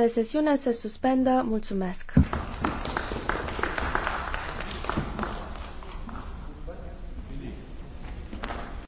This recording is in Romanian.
Recesiunea se suspendă. Mulțumesc!